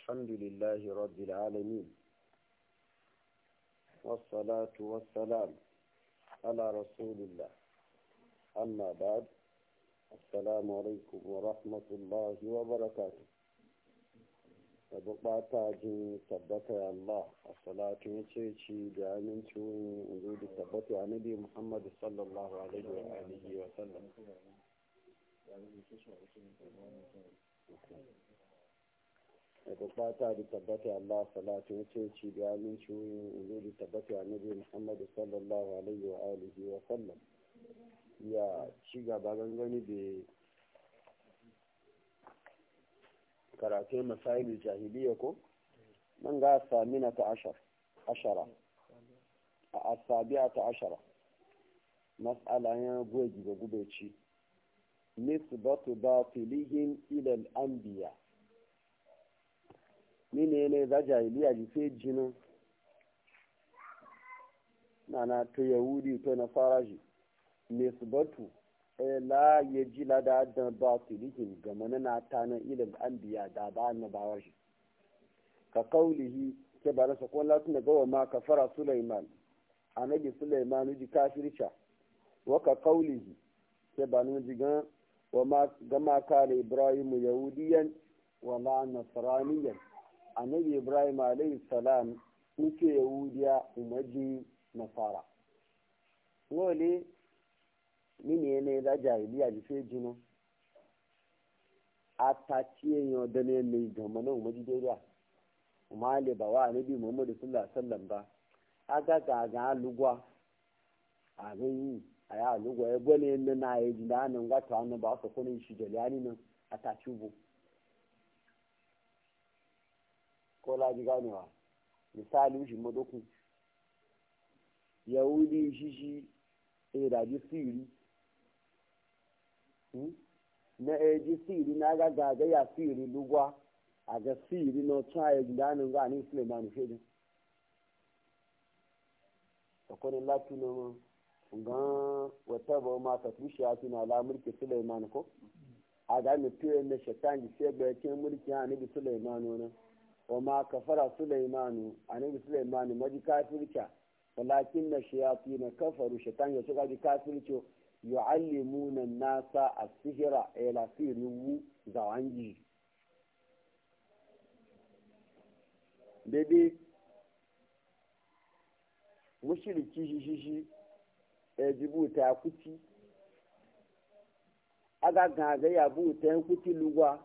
الحمد لله رب العالمين والصلاة والسلام على رسول الله أما بعد السلام عليكم ورحمة الله وبركاته وبقى تاجي ثبت الله الصلاة وتشي بأمن شوي وجود ثبت عن نبي محمد صلى الله عليه وآله وسلم daga fata da tabbata Allah salatu wuce ci da aminci ne da tabbata annabi Muhammad Muhammadu sallallahu alaihi wa alihi wa sallam ya ci gaba gangani da karatun masailu jahiliya ko nan ga samina ta ashara a asabiya ta ashara mas'ala ya gwaji ga gubeci nisbatu batilihim ila al-anbiya mine ne za jahiliya ji fe jinin na ta yahudi ta na faraji nisbatu e la ya ji lada da ba su rikin ga na ta na ilin an biya da ba na bawar shi ka kaulihi ke ba nasa kwan latin da gawa ma ka fara suleiman annabi suleiman ji kafirca wa ka kaulihi ke ba nuna ji gan wa ma gama kare ibrahim yahudiyan wa ma nasraniyan annabi ibrahim alayhi salam nke yahudiya umarji nasara wole mini ne da jahiliya ji fe jino a ta ciye yau da ne na umarji daidai umar ba wa muhammadu sallallahu alaihi wasallam ba aga ga ga alugwa a yi a ya alugwa ya bane na na ya ji da hannun gata ba a ko laji ganewa misali shi madoku yahudi shi shi iraji siri na eji siri na aga gaga ya siri lugwa a ga siri na otu anyị gidanin ga ni suleiman shedin sakonin latu na gan wata ba ma ka tushe ya tuna la mulki suleiman ko a ga mutuwa na shaitan ji sai ga yake mulki ya nabi suleiman wani wa ma kafara sulaimanu annabi sulaimanu maji kafirka walakin na shayafi na kafaru shaitan ya suka ji kafirci yu'allimuna nasa as-sihra ila sirru zawangi dede mushiriki shishishi ejibuta kuti aga gaga ya buta kuti lugwa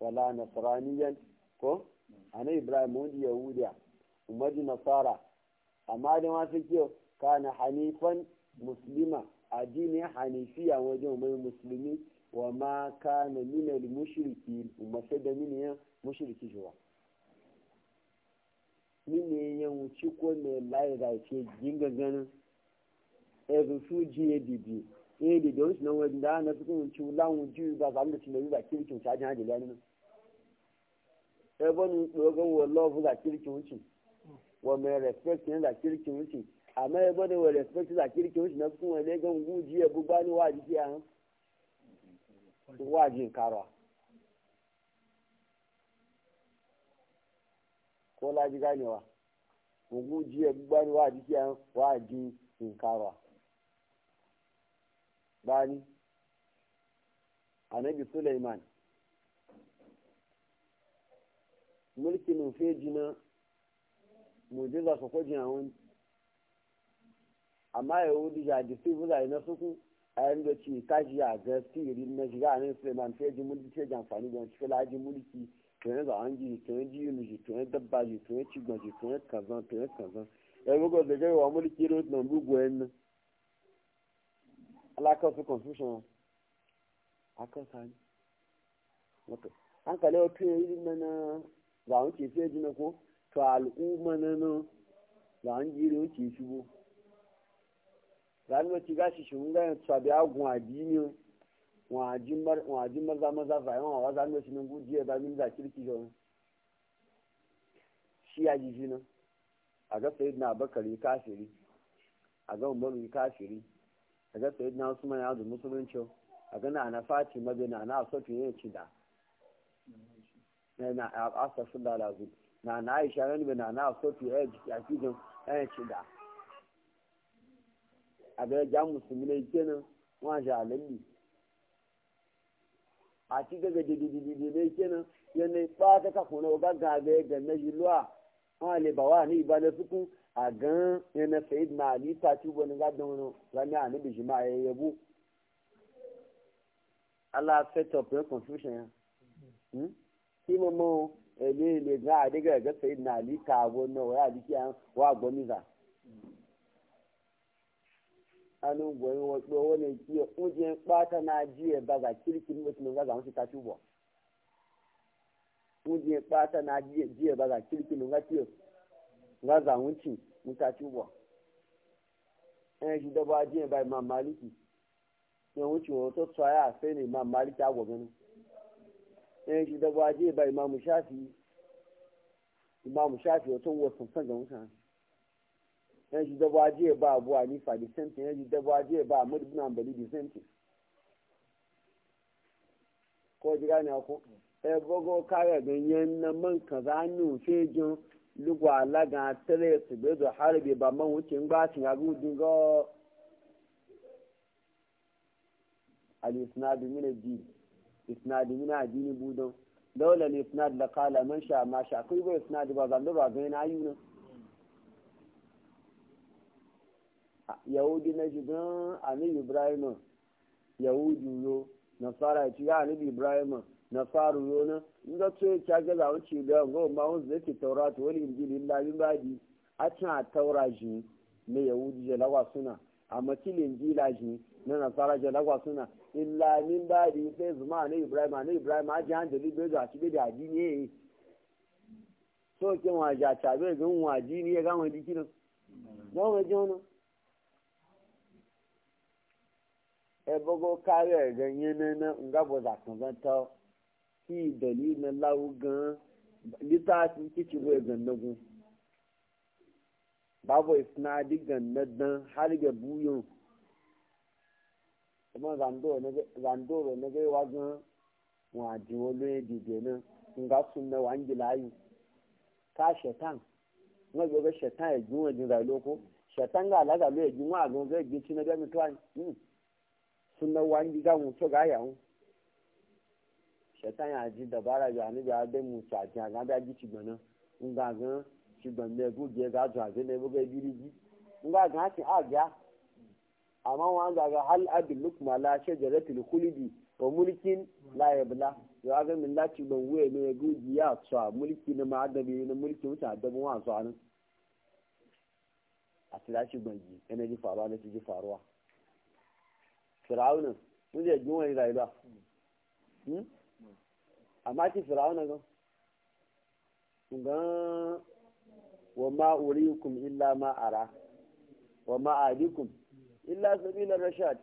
wala nasraniyan ko ana ibrahim wani yahudiya umaru nasara amma da masu kyau kana hanifan muslima addini hanifiya wajen mai musulmi wa ma kana minal mushriki umarsa da miniyan mushriki shi wa miniyan wuci ko mai laira ce ginga ganin ẹ̀rù fún gdb adb ó sì náwó ẹ̀dùn dáhà náà tó kún un tí ó láwọn ojú ìgbà sàmúlò tí lórí ìgbà kiri kìí ṣáájú hàn jẹ̀lẹ́ nínú ebe ni dogon wa love da kirki wuce wa mai respect ne ama ebe da wa respect da kirki na kuma ne ga guji ji ebu ni ji jiki an wa jin karwa ko laji ganewa guji ya buba ni wa jiki an wa jin anabi suleiman mulki nun fe jina mujiza su kwajin wani amma yahudi ya ji su buza na suku a yanda ce kashi a ga siri na shiga a nan suleiman fe ji mulki ce ji amfani da wani laji mulki tuyen za an ji tuyen ji yunu ji tuyen dabba ji tuyen cigon ji tuyen kazan tuyen kazan ya e bugo da wa mulki rot na bugu yan alakar su confusion akan sani hankali wata yi na za mu ce ko to al'umma na nan za mu jiri mu shi bo za mu ci gashi shi mun gani tsa biya gun adini maza maza zayen wa za mu za kirki shi ya ji a ga sayid na bakari kafiri a ga umaru kafiri a ga na usman ya musulunci a na na na na asa sallah lazu na na aisha ran na na so to eh, ya a cikin ɗan eh, shida a ga ja musulmi ne kenan wa ja lalli a ci daga didididi ne kenan yana ba ta ka kuna ga gabe ga na jilwa wa le bawa ni ba na suku a gan yana na ali ta ci wani gadon wani rami a nabi jima ya yabo Allah set up your confusion. Hmm? shi ma mo ele ele ga adiga sai na li ka wa ta tubo mu na ji e ba ga kirkin ga ti ɗaya shi da waje ba imamu shafi imamu shafi wata wasu san ga mutane ɗaya shi da waje ba abu a nifa da same thing shi da waje ba a na ambali da ko ji gane ko ɗaya gogo kare ganyen na man kaza ni ofe jin lugu alaga tẹ́lẹ̀ tìgbẹ́dọ̀ harbi ba man wuce ń gbá tìǹgàgùn dingọ́ al-isnad min al-din isnad mina adini budon dole ne isnad da kala man sha ma sha kai ba isnad ba zan ba ga na yi ne yahudi na shigan annabi ibrahim yahudi yo nasara ci ga annabi ibrahim nasaru yo na in ga ce ta ga zawo ci da go ma won zai ki taurat wal injil illa bin badi a can tauraji ne yahudi jalawa suna a matilin jilaji na nasara jalawa suna illa min ba da sai zuma na ibrahim na ibrahim a jihan da libya zuwa ci da addini ya yi so ke wa ja tabe gan wa addini ya gama jiki nan zan wa ji wani e bogo kare ganye na na nga bo za kan zan ki dalilin lawu gan litafi kici bo gan nagu babu isnadi gan na dan har ga buyon kuma zandoro na gaiwa wajen wani dide nan ga sun na wangi layu ka shetan na gobe shetan ya ji wajen zai loko shetan ga ya ji wa zai ji cina ga mutuwa sun na wangi ga mutu ga yawon shetan ya ji dabara ya ni ga abin mutu a jiya ga ga ji cigbanan in ga gan cigban ga zuwa zai ne bugai birigi in gan a amma wa ga hal abin lukma la shajaratul khulidi wa mulkin la yabla yo aga min lati don wuye ne guji ya tsa mulki na bi na mulki wuta mu wa tsa nan a tira shi gbangi yana ji faruwa na ji faruwa Firawuna mun je gin wani rayuwa hmm? amma ki firawuna ga Ngan wa ma urikum illa ma ara wa ma adikum illa sabila rashad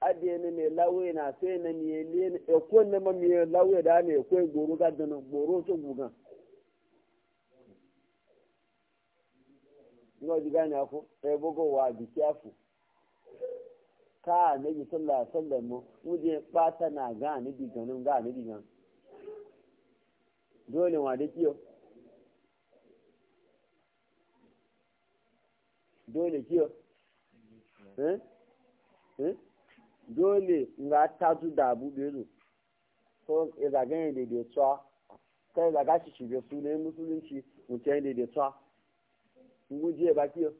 adiye ne mai lawe na sai na miye le ne ekwo ne ma miye lawe da ne ekwo goro ga dana goro to guga ngo diga ne ako e bogo wa di kiafu ka ne bi sallallahu alaihi wasallam mu je pata na ga ne bi ganin ga ne bi gan dole wa da kiyo dole kiyo dole nga taju da abu bezu so izagen yi daidaituwa kai zaga shi shige su ne musulunci mutum yi daidaituwa ngujiye ba kiyo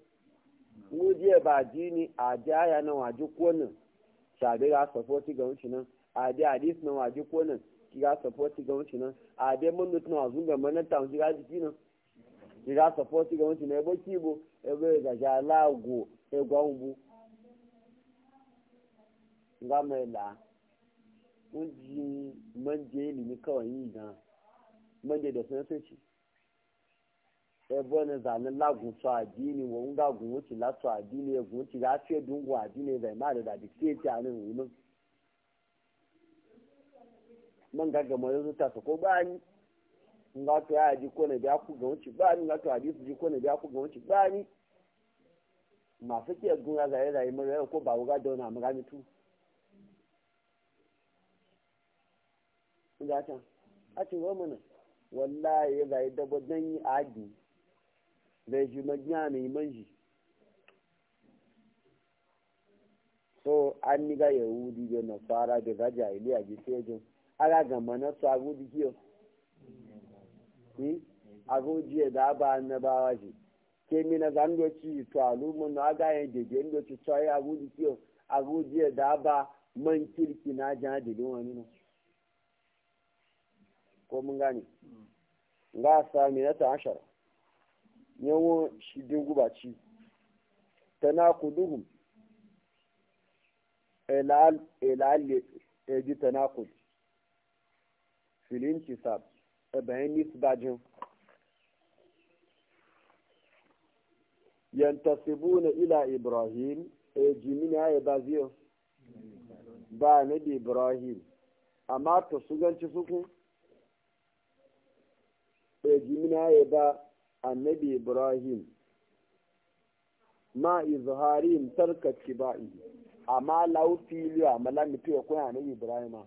ngujiye ba jini a jaya na waje konin shabe ga sapoti ga wuce nan a bi hadis na waje konin ki ga sapoti e ga wuce nan a bi mannut na wazun ga mananta wuce ga jiki nan ki ga sapoti ga wuce nan ebo kibo ebo ga jalago ego anwu nga mai la mun ji manje ni kawai yi na manje da sun sun ci ebe ne zanen lagun su adini wa nga gun wuce la su adini ya e gun wuce ga fiye dungu adini e zai ma da dadi fiye ci anin wunin man gaga mai yanzu ta su ko bani nga to ya ji ko ne biya ku ga wuce bani nga to hadisi ji ko ne biya ku ga wuce bani masu kiyar gun ya zai zai mara yau ko ba wuga dauna magani tu. ga a cin wa mana wallahi ya zai dabo dan yi adi zai shi magiya ne so an ni ga yahudi da nasara da raja iliya ji sai ara ala ga mana su agu di kiyo ni hmm? agu da aba annabawa ji ke mi na zango ci to alumun na ga yin jeje ndo ci di da aba man kirki na jihadi wani ko mun gane mm. ga sami na ta'ashara yawon shidin gubaci ta na kuduhun elalle e ta na kudu filin kisab e bayan nisbajin na ila ibrahim e jimini a e ba ziyo mm. ba na ibrahim amma to su ganci suku e jimina ya ba annabi ibrahim ma izharin tarka tibai amma lau fili a malamitu ya kuna annabi ibrahim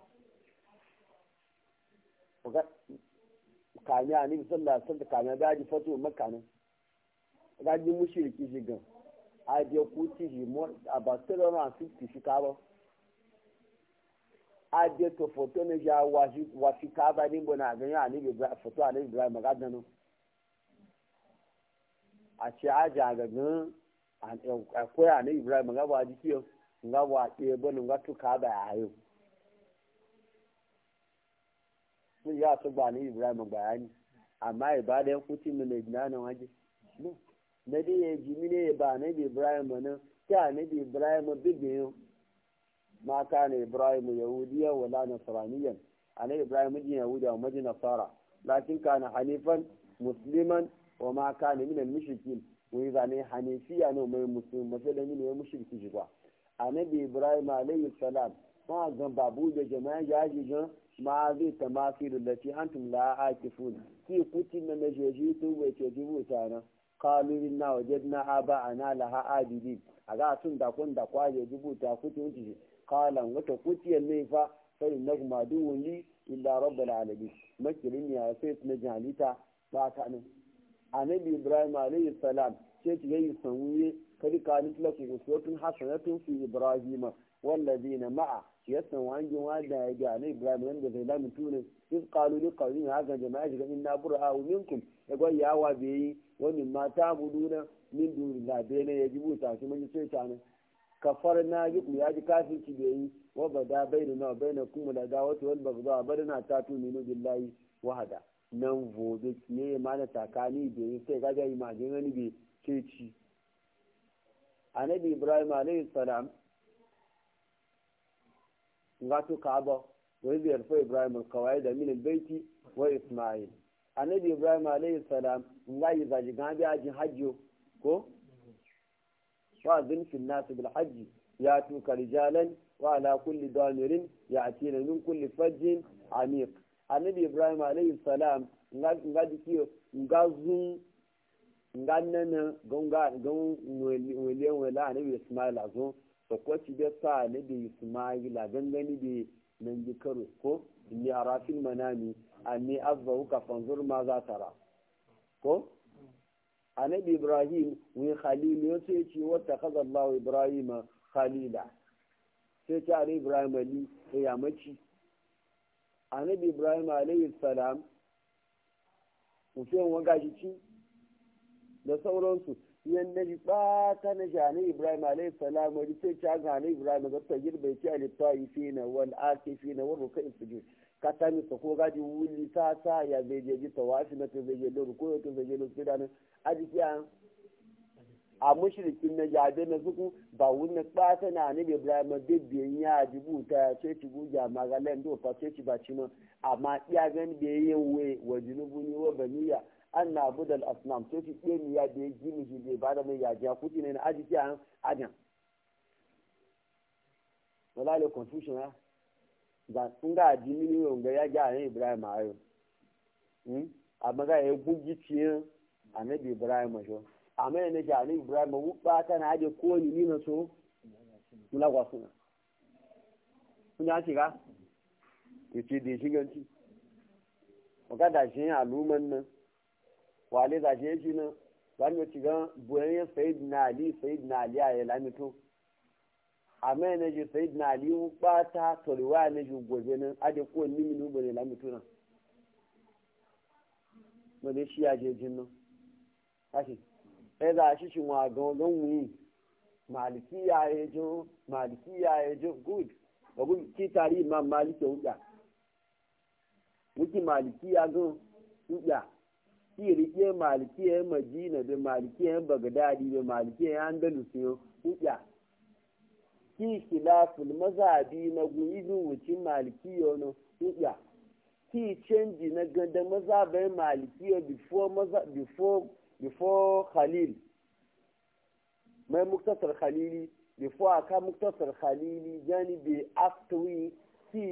kami annabi sallallahu alaihi wasallam kami gaji fato ga ji mushriki shigan a je kuti ji mo abasirama 50 shi ba aje to foto ne ja washi washi ka ba din bona ga ya ni ga foto ani ga maga dano a ce aja ga gan an akwai ani ibrahim ga ba ji kiyo nga wa ke bon ga to ka ba ayo ni ya to e ba ni ibrahim bayani amma ibada ku ti mun ne na na waje ne dai ya ji mine ba ne ibrahim nan ta ne ibrahim bibin ma kana ibrahim yahudiya wala nasraniyan ana ibrahim din yahudiya wa majin nasara lakin kana hanifan musliman wa ma kana minal mushrikin wai zane hanifiya ne mai musulmi masalan ne mai mushriki shi kwa annabi ibrahim alayhi salam ma gan babu da jama'a yaji jan ma zai ta mafiru da ce antum la akifun ki kuti na na jeji tun bai ce jibu tana kalu inna wajadna aba ana laha abidin a ga tun da kun da kwaje jibu ta kuti wuce kalan wata kuciyar ne fa sai na kuma duwun li illa rabbal alamin makirin ya sai na jalita ba ka nan annabi ibrahim alayhi salam sai ki yayi sanuye kadi ka ni tula ku sotun hasanatun fi ibrahima ladina ma'a yasan wangin wanda ya ga annabi ibrahim da zai da mutune in qalu li qawmin hadha jama'a shiga inna bur'a minkum ya ga yawa bai yi wani mata buduna min dunillahi bai ne ya jibuta shi mun sai ta nan kafar na yi ya ji ki da yi wa ba da bai da nawa bai na kuma da dawata wani ba zuwa bari na ta tuni na billahi wahada nan vobe ne ya mana takani da yi sai gaga yi majin wani bai ce ci annabi ibrahim alayhi salam ngatu ba wani bai yarfa ibrahim da minin albayt wa isma'il annabi ibrahim alayhi salam yi zaji gabi ajin hajjo ko wa'azin fil nas bil ya tuka rijalan wa ala kulli damirin ya atina min kulli fajjin amiq annabi ibrahim alayhi salam nga dikiyo nga zun nga nana gonga gon wele wele annabi ismail azo to ko ci sa annabi ismail a gangani be nan ji karo ko inni arafil manami anni azzahu ka fanzur ma za tara ko annabi ibrahim wani khalil ya ce ce wata kazan lawa ibrahim khalila sai ce annabi ibrahim ali ya yamaci annabi ibrahim alayhi salam mutum wanga shi ci da sauransu yadda ji ta na shani ibrahim alayhi salam wani sai ce an hana ibrahim da ta girbe ki a littafi fi na wal ake fi na wani rukai sujud ka ta ko gaji wuli ta ta ya zai je ji tawafi na ta zai je lori ko ya ta zai je lori ajiya a mushrikin na jade na suku ba wani kpata na ne bai ibrahim bibbiyan ya jibu ta ce ci guja magalen do fa ce ba baci ma amma iya gani da yayin we wa junubu ne wa baniya an na budal asnam ce ci ɗemi ya da ya gini shi bai bada mai yajiya kuti ne na ajiya ajan wala le confusion ha da nga ji mini yo nga ya ja ibrahim ayo hmm amma ga ya gugi ciyan annabi ibrahim jo amma ne ga annabi ibrahim wu ba ta na je ko ni ni na so mula kwa suna kun ya shiga yace da shiganci waka da shi aluman nan wale da shi shi nan zan yi shiga buyan sayid na ali sayid ali a ya lamito amma ne je sayid na ali wu ba ta toriwa ne je gobe nan ade ko ni ni ne lamito nan. Mọ̀lẹ́ṣí ajé jin náà. kashi ɗaya za a shi shi wa gangan wuyi maliki ya yi jin maliki ya yi jin good ba gudu ki tari ma maliki wuya wuki maliki ya gan wuya ki rike maliki ya yi madina da maliki ya yi bagdadi da maliki ya yi andalus ya wuya ki khilaful mazabi na gudu wucin maliki ya no wuya ki canji na ganda mazabai maliki ya before before khalil mai muktasar khalili before aka muktasar khalili yani be after we see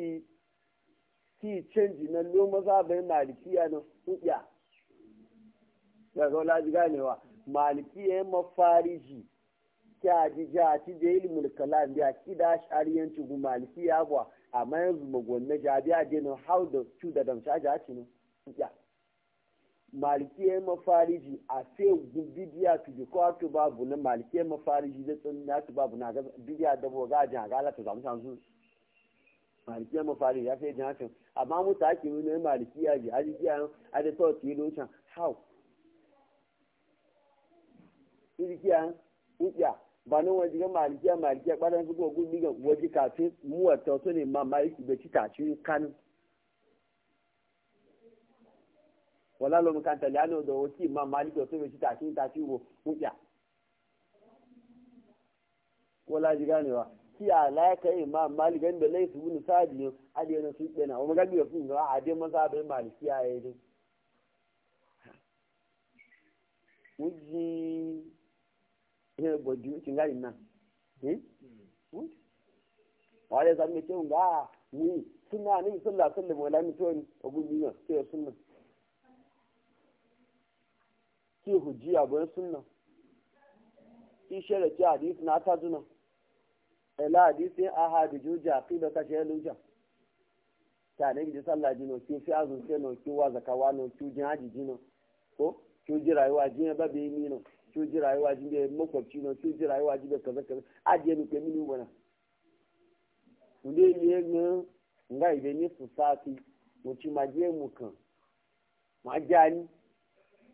see change na lo maza bai malikiya na hudya daga wala ji ganewa malikiya mafariji kya ji ja ci da ilimin kalam biya kida shariyanci gu malikiya ba amma yanzu magwanna jabiya denin how the two da damsha shaja ci no hudya malikiyar mafariji a sai bidiya tu bi ko tu babu na malikiyar mafariji da tsun na tu babu na bidiya da bo ga jan gala ta zamu tanzu malikiyar mafariji ya sai jan tun amma mu ta nuna ne malikiya ji aji kiya a da to ti can how idi kiya ukiya ba nan wani ga malikiya malikiya ba dan su go gudu ga waje kafin mu wata ne ma maliki be ci ta ci kan wala lo mu kan tali ano do ti ma mali do to be ta kin ta ti wo kuya wala ji gane wa ki ala ka imam mali gan da laifi bin sadi ade na su dena o magani yo fin ga ade ma sa be mali ki aye de uji ye boju ti ngai na eh wale zan mi ce nga ni sunna ni sallallahu alaihi wasallam wala mi to ni ogun ni ce sunna tí hujjiya bai sunna ishara ci hadisi na ta zuna ila e hadisi ahadi juja aqida ka shi luja ta ne bi sallah jino ki fi azun ke no ki wa zakawa no ki jin haji jino ko ki ji rayuwa jin e ba be mi no ki ji rayuwa jin be makwabci no ki ji rayuwa jin be kaza kaza aje ni ke mini wana ude ye ngan ngai be ni society mo ci maje mu kan ma jani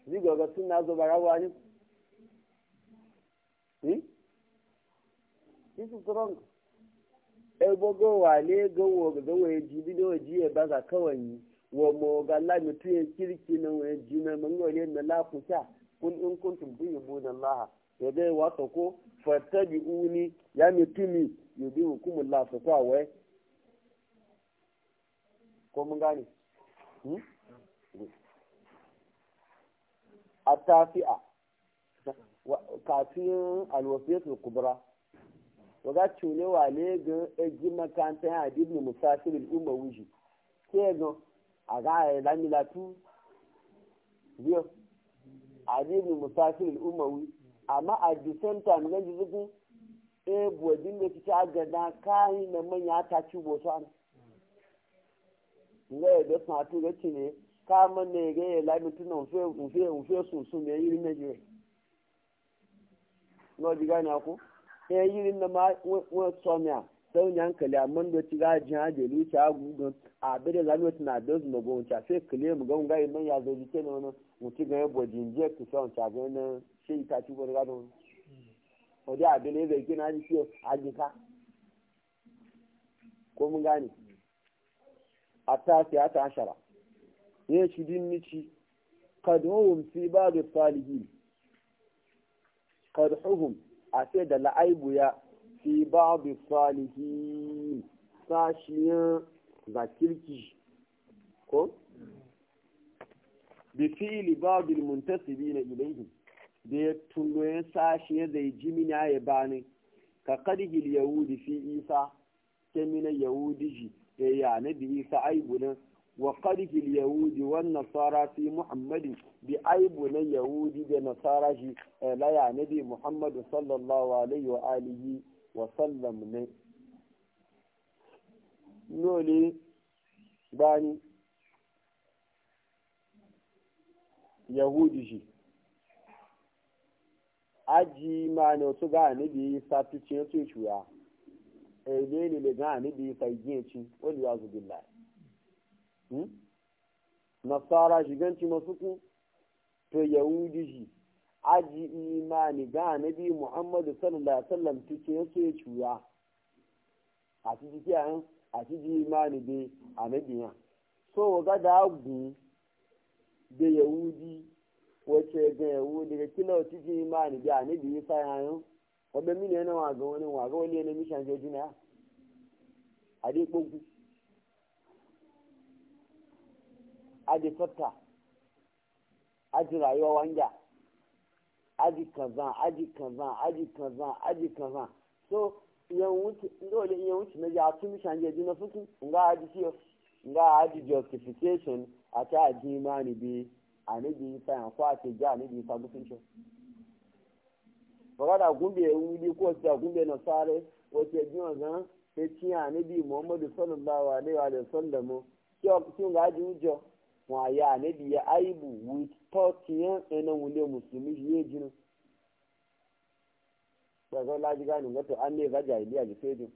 zigo ga sunna zo bara wani eh hm? this is wrong ebo go wale go e wo go we ji bido ji baza kawai wa mo ga la mutu e kirki na we ji na mango ne na la kusa kun in kuntum tuyyibuna allah ya dai wato ko fattabi'uni ya mutumi yubikumullah fa kwa wai ko mun gane hm? التاسعة kafin alwasiyatul kubra waga cune wale ga makanta ya adi ibn musafir al'umma ke ga a ga ya lami latu biyo adi amma a the same time e na manya ta ci boso an ne da fatu ga ne káàmọ́ ní ẹ̀rẹ́ ya láìpẹ́ tí náà òfé òfé òfé sùn sùn ní ẹ̀yìn di gáyìn àkú ẹ̀yìn rí nàmá wọ́n sọ mi à sẹ́wọ̀n yà ń kẹlẹ̀ àmọ́ ní ti ká jìn a jẹ̀lú ìṣe àgùn gan àbẹ̀rẹ̀ lánàá ti nà àdóòzù nà mu gan nǹkan ìmọ̀ ìyàzọ̀ ju tẹ́ náà mo ti gan bọ̀ jìn díẹ̀ kù sọ nǹkan àgbẹ̀ náà ṣé ìta tí wọ́n gbádùn ọdẹ àbẹ̀lẹ̀ ẹ̀rẹ̀ ya shi din nici kadhuhum fi ba'd salihin kadhuhum a sai da la'aibuya ya fi ba'd salihin sashiyan zakirki ko bi fi'li ba'd al na ilayhim da ya ya sashiyan zai jimina ya bani ka kadhil yahudi fi isa kemina yahudi ji ya nabi isa aibunan وقره اليهود والنصارى في محمد بأيب يهودي بنصارى لا يعني محمد صلى الله عليه وآله وسلم نولي باني يهودي aji ma ne otu ga ni bi sati ci otu ichu ya ebe ni le ga ni bi sa igi chi o ya azu lai nasara shiganci masuku to yahudi shi aji imani ga annabi muhammadu sallallahu alaihi wasallam tuke yake cuya a cikin kiyayen a cikin imani be annabi ya so ga da gu da yahudi wace ga yahudi ga kila cikin imani be annabi ya sa yayin wadda mini yana waga wani waga wani yana mishan jojina a dai aji fatta aji rayuwa wanja aji kaza aji kaza aji kaza aji kaza so dole iya wuce na ya tun mishan jeji na suku nga aji kiyo nga aji justification a ta aji imani bi a nabi isa yan kwa ce ja nabi isa mutuncin baka da gumbe wuli ko da gumbe na sare wace jiwa zan sai ciya nabi muhammadu sallallahu alaihi wa sallam kiyo kiyo nga aji wujo wa ya ne bi ya aibu with tortiyan ene wule musulmi shi ye jinin daga laji gani wato an ne ga jahiliya ji fejin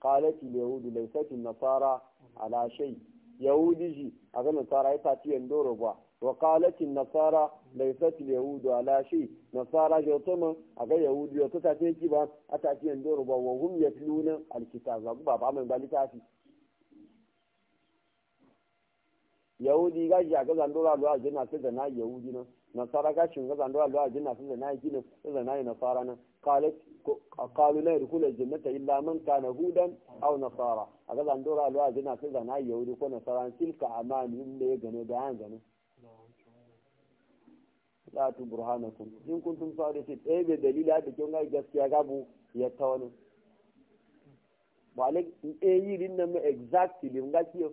kalati yahudu laisati nasara ala shay yahudi ji a ga nasara ya fati yan doro ba wa kalati nasara laisati yahudu ala shay nasara ji wato man a ga yahudi wato ta ce ki ba a ta ce doro ba wa ba ba mai yahudi ga shi a ga zandora luwa jinna sai da na yahudi na nasara ga shi ga zandora jina jinna sai da na yi nan da na yi nasara na qalat qalu la yadkhulu jannata illa man kana hudan aw nasara a ga zandora luwa jinna sai da na yahudi ko nasara tilka amani inda ya gane da an gane la tu burhanakum in kuntum sadiqin eh be dalila da kin ga gaskiya bu ya tawani wani ba ne eh yi exactly mun kiyo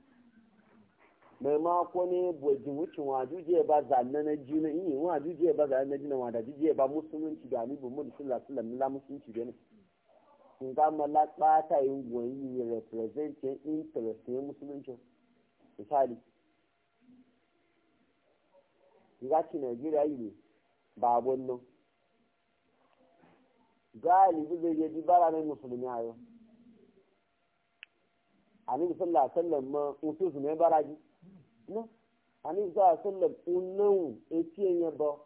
mai mako ne bojin wucin wa juje ba zanna na jina na yi wa juje ba zanna na jina wa da juje ba musulunci da ni bin mudu sallah sallah na musulunci da ni in ga mala ta yin goyi representing interest ne musulunci misali ga ci Najeriya yi ne ba wannan galibi zai yi ji bara na musulmi a yau a ni sallah sallah ma mutu ne baraji no ani za a sallam unan etiyen ya ba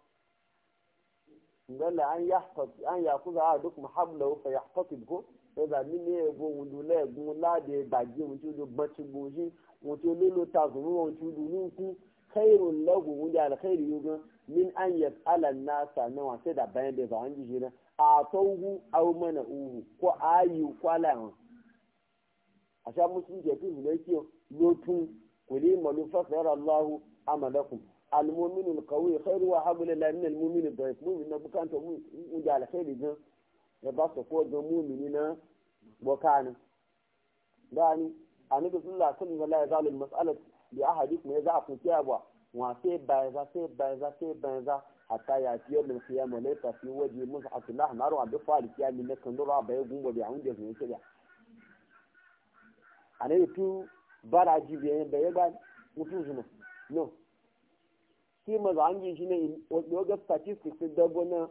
ngala an yahfati an yakuza a duk muhabla fa yahfati ko ya ni ne go wudula egun lade baje mu ti do gbati goji mu ti lolo ta go mu ti do nu ku khairul lahu mu da alkhairi yugo min an yasala nasa na wa sai da bayan da ba an ji jira a tauhu aw mana uhu ko ayu kwala a sha musulunci ya fi hulai lotun kuli malu fasara Allahu amalakum almu'minu alqawi khairu wa habu lillahi min almu'mini dhaif mu'min na bukan to mun da alkhairi gan ya ba su ko ga mu'mini na bokana dani annabi sallallahu alaihi wasallam ya zalu almas'alat bi ahadikum ya za ku kiyaba wa se ba za sai ba za sai ba za hatta ya fiye min kiyama ne ta fi waje mus'atu lahmar wa bi fa'al kiyami ne kan dora bai gumbo bi an da su ne kiya annabi tu bara jibi yayin da ya gani mutum shi no shi ma za an yi shi ne yoga statistics da dabbonin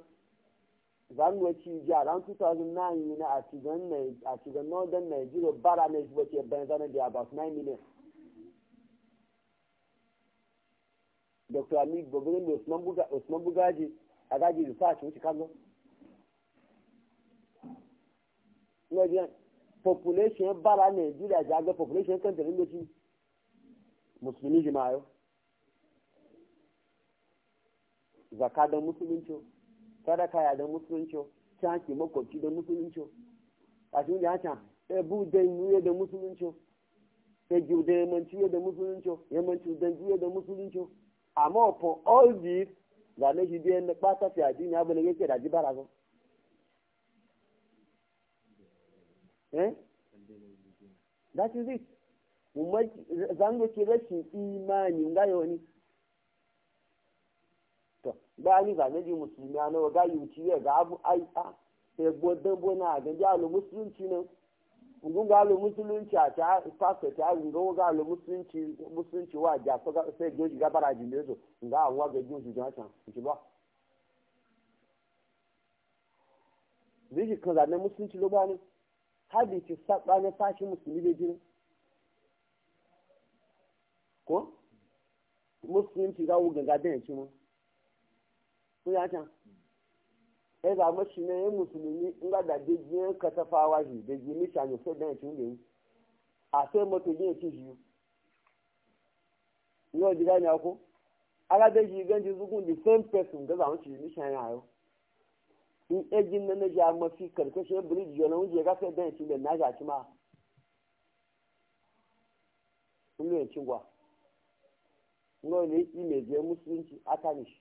zanwaci ran 2009 na a cikin northern nigeria bara na shi wace bayan zanen da about 9 million dr amir gobirin da usman bugaji a gaji research wuce kallon population bara Nigeria ja ga population kan tare da shi musulmi jima'a zaka da musulunci sadaka ya da musulunci canki makwabci da musulunci a cikin da haka ebu da nuye da musulunci ta da yamanci da musulunci yamanci da juye da musulunci amma for all this zane shi biyan na ɓata fiye a abu bane yake da jibara zan eh that is it zango ki imani nga yoni to bani ga musulmi ana ga yuci ya ga abu ai a sai godan bona ga jalo musulunci ne ngun ga lo musulunci a ta fasa ta ga lo musulunci musulunci wa ja fa sai goji ga baraji ne zo nga anwa ga goji ga ta ba musulunci lo ba ne? hadisi saɓa na sashi musulmi da jini ko musulunci ga wuga ga dan ci mu ko ya ta e ga mu ne ne musulmi in ga da de ka ta fawa shi da jini mi ne so dan ci mu a sai mu to jin ci shi yo diga ne ko ala da ji ganji zugun the same person ga za mu ci mi ayo in ejin na na ja mafi karkashin biriji yana wuje ga sai dan shi da na ja ma kun ne ci gwa ngo ne yi je musulunci aka ni shi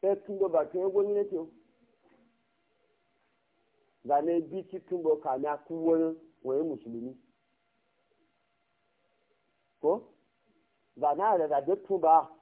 sai tun ba ta yi gwamnati ne bi ci tun ba ka na kuwar wani musulmi ko ba na da da tun ba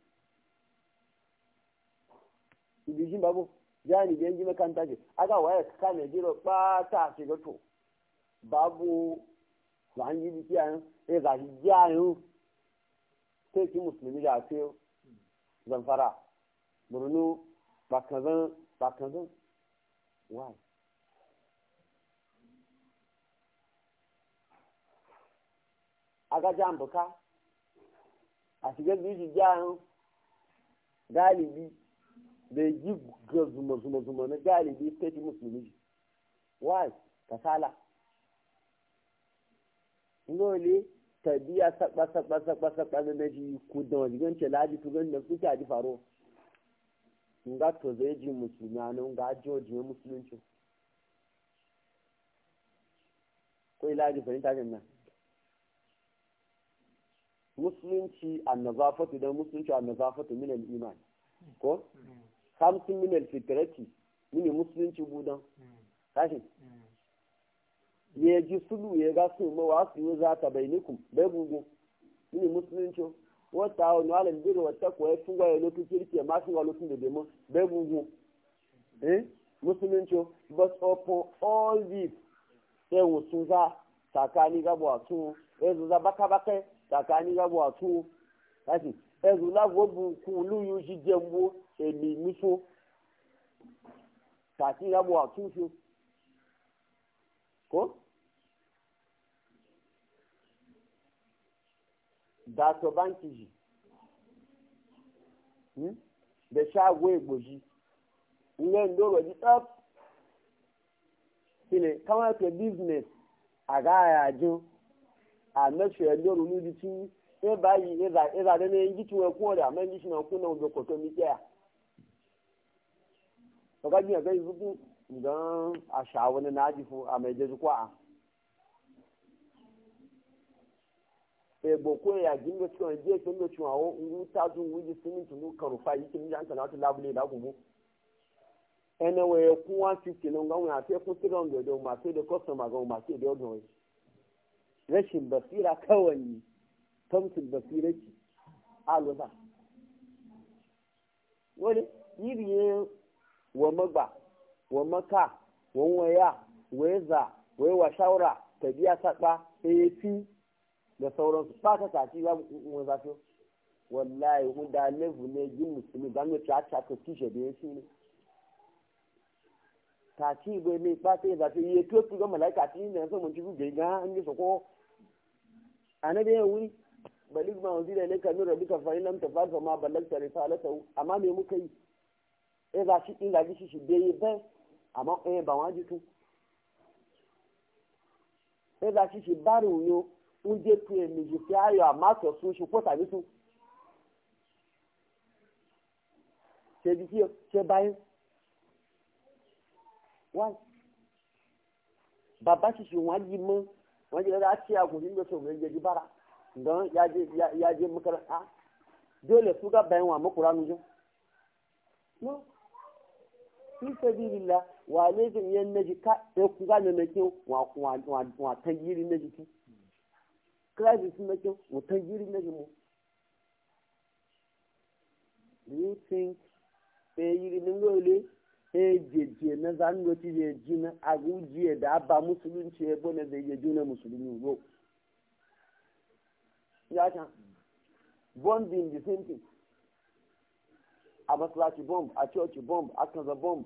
bijin babu jani biyan ji makanta ce aga waya ka kame jiro ta ce ga to babu ba an yi jiki a yan eh ga shi jiyayen sai ki musulmi da ce zamfara borno bakazan bakazan why aga buka a shigar biji jiyayen galibi da ji ga zuma zuma zuma na galibi ta musu musulmi eh? why kasala dole tabiya sakpa sakpa sakpa sakpa na naji ku da wani gance laji tu gan da suke a ji faro nga to zai ji musulmi a nan ga joji ya musulunci ko ilaji fahimta gan nan musulunci annazafatu dan musulunci annazafatu min al-iman ko mm. kamsin min alfitrati mini musulunci budan kashi hmm. ya ji sulu ya ga su ma wa su za ta bainikum bai gugu mini musulunci wata wani alam biro wata ko ya fi gwaye lokacin kirki ma sun ga lokacin da mun bai gugu eh musulunci but upon all this sai wasu za tsakani gabo a ya yanzu za baka baka tsakani gabo a su kashi yanzu lagobu kulu yushi jembo èmi níṣó tàbí ìyàwó àtúnṣe kó dàtọ̀ báńkì yìí hmm? bẹ̀ ṣáàwó ègbò yìí ilé ìdóòrò yìí up kílẹ̀ káwọn ẹ̀kẹ́ business àgá àjò àmẹ́sọ̀ ẹ̀dọ́rùn níbi tí ẹ báyìí ẹ bá ẹ bá dẹ́nu ẹ̀yìn tí wọ́n kú ọ̀dà àmẹ́yìn tí wọ́n kú náà ọ̀dọ̀ kọ̀tọ́ mi jẹ́ à. Saka biya gai zuku don a sha wani naji fu a mai kwa'a. kwa boko Ebo ko ya ginga cewa je kin da cewa wo ngu ta zun wuji sinin ka karufa yi kin jan kana wata labule da gugu. Ene we ku 150 non gawo ya te ku 300 do ma te de customer gawo ma te de odon. Rashin basira kawai ne. basirati. Alwa ba. Wani, yi biye. wa magba wa maka wa waya wa za wa wa shawara tabiya sakpa, fi da sauransu ba ka kaci ba mu zafi wallahi hun da levu ne jin musulmi ba mu ta ta ka tishe da yafi ne kaci bai ne ba sai zafi yi to ku ga malaika yi ne so mun ci ku ga an yi soko annabi ya wuri balig ma wanzila ilayka min rabbika fa in lam tafal fa ma ballagta risalatahu amma me muka yi in za shi in gaji shi shi bai bai amma in ba wani jikin in za shi shi bari wuyo in je tuye mai ji fi ayo amma to sun shi ko tabi su ṣe bí kí o ṣe báyìí wọn bàbá ṣiṣi wọn yí mọ wọn yẹ láti àgùn nígbà tó wọn yẹjú bára ǹdán yájẹ mọkànlá dole fuga bayan wa makura nujo no fi sabilillah wa ne jin yan naji ka ya ku ga na nake wa wa wa ta yiri naji ki sun nake wa ta yiri naji mu do you think e yiri ningole e je na zan go ti je jina agu je da ba musulun ce e bona zai je jina musulun go ya ta bonding the same thing a masallaci bomb a coci bomb a kaza bomb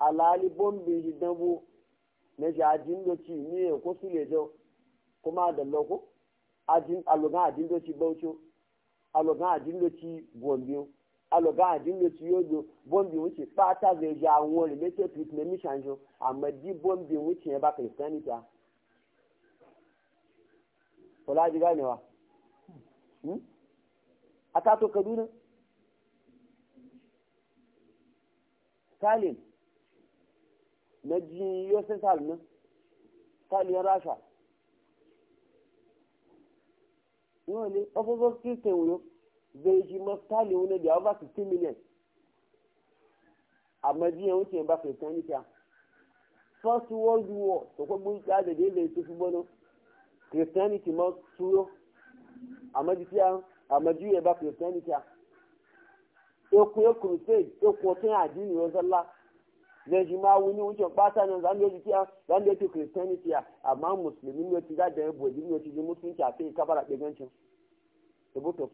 a bomb bai shi dambu na shi ajin doci ne ko su le jau kuma da loko ajin alogan ajin doci baucho alogan ajin doci gombe alogan ajin doci yodo bomb wuce fata zai ji àwọn related with na mission jo amma di bomb wuce ya ba christianity Kola ji ganewa? Hmm? A tato Kaduna? stalin na ji yosef stalin stalin rasha yau ne ƙafafon kirkin wuyo zai ji ma stalin wani da ba 15 million amma ji yawon ce ba kristianita first world war to kwa mun da dai zai tufi bono christianity ma suyo amma ji fiya amma ji ya ekun ya crusade ekun tun addini ya zalla zai ji ma wuni ní bata nan zan yi kiya zan yi christianity amma musulmi ne ci da ya boji ne ci musulunci a sai kabara digancin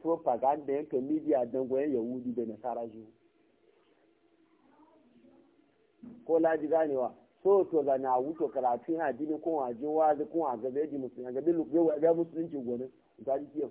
propaganda yanka media don goyon yahudi da nasara ji ko laji na wuce karatu yana jini kun a jin a ga musulunci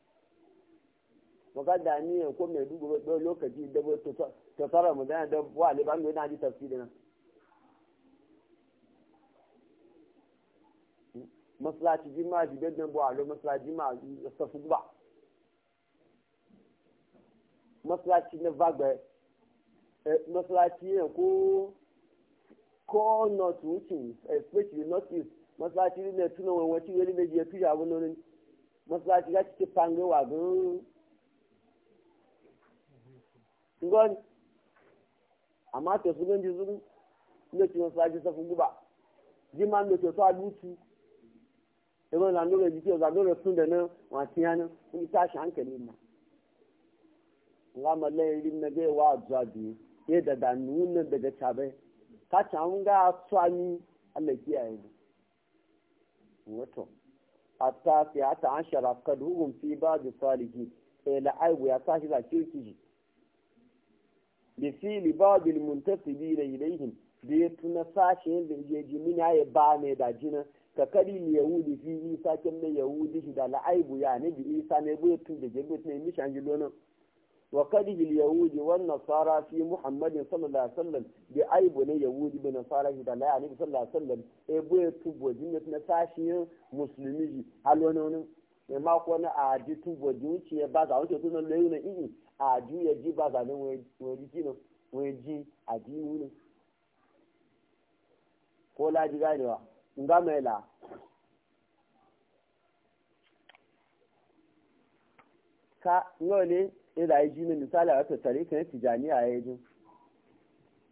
wakanda ni ya e ko mai dubu ɗau lokaci da ta tsara mu zana da wa aliban ne na ji tafsiri na masalaci jima ji bai dan buwa alo masalaci jima safu ba masalaci ne vagbe masalaci ya e ko ko not wucin especially not is masalaci ne tunan wani wani ne ne ya fi wani nan masalaci ya cike fangewa gan ngon amma to su ganji zuru ne ki wasa ji sa guba ji man do to a dutu e gon la ndore ji ki za ndore sun da nan wa tiyana kun ta shi hankali ma ngama le rin na ge wa zabi ye da da nuna daga chabe ka can ga tsani Allah kiyaye mu wato hatta fi hatta an shara kaduhum fi ba'd salihin eh la ai ya shi za kirki bi fili babil muntasibina ilayhim da ya tuna sashe da ya ji mina ya ba ne da jina ka kari yahudi fi isa kin ya yahudi shi da la'aibu ya ne bi isa ne bai tun da jirgin ne an ji lona wa kari bil yahudi wan nasara fi muhammadin sallallahu alaihi wasallam bi aibu ne ya yahudi bi nasara shi da la'aibu sallallahu alaihi wasallam e bai tun bo jin ne sashen musulmi ji halona ne ma ko na a ji tun bo jin ce ba za wuce tunan layuna i'i àjú yẹ jí bàtà ní wọn jí kí wọn jí àjí ni ko laji ganewa in ga mai la ka nawa ne ila e yi ji misali a wata tarika na tijaniya ya yi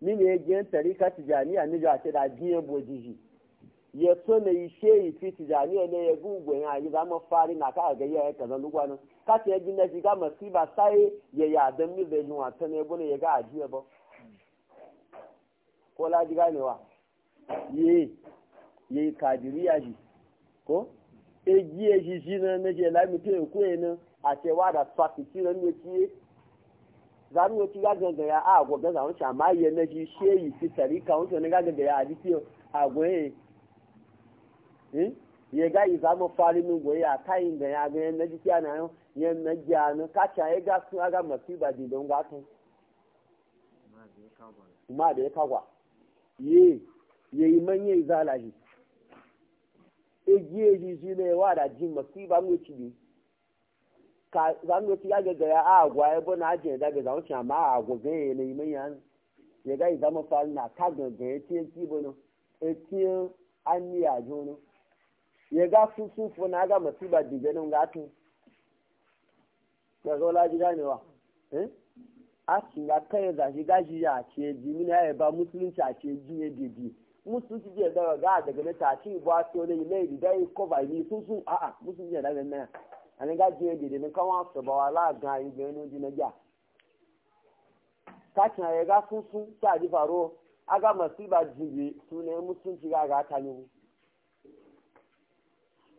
jin ya giyan tarika tijaniya ni ga ce da biyan ya so na yi sheyi fi tijaniya ne ya gugu ya yi zama fari na ka ga ya kaza lugwanu ka ta yaji na shiga masiba sai ya ya dan mi zai yiwa ta ne bune ya ga ajiya ba ko la ji ganewa ye ye kadiriya ji ko e ji e ji ji na ne je la mi te ko e na a ce wa da sa ti ti na ne ci za mu ci ga ga ya a go ga za mu ci ye na ji sheyi fi tari ka wuce ne ga ga ya ji ti a go e Hmm? ya ga yi zama fari min goyi a kayin da ya ga na jikiya na yau yan na jiya ka cha ya ga sun aga masu ba di don gata ma da ya kagwa ye ya yi manye zala shi ejiye ji shi e ne wa da ji masu ba mu ci bi ka zan ci ya ga ga a agwa ya bo na ajiye da ga zan ci ma a agwa ga ya ne manye ya ga yi zama fari na kagan ga ya ci ya ci bono e ya ci an ni a jono yaga ga susufu na aga masiba diganin gatu ga zola ji ganewa eh? a ci ga kai za shi gashi ya ce ji mini ya ba musulunci a ce ji ya bibi musulunci ya daga na tashi ba so ne ne da dai ko ba ni a musulunci ya daga nan ga ji ne ba wala ga yi ga na ja ta ci ya ga ta ji faro aga masiba ji su ne musulunci ga ga ta ne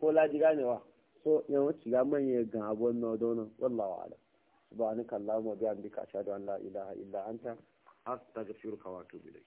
ko laji ganewa so wuce ya manyan gan abuwan na nan wallawa ala subhanaka allahumma bihamdika ashhadu an la ilaha illa anta astaghfiruka wa atubu ilayk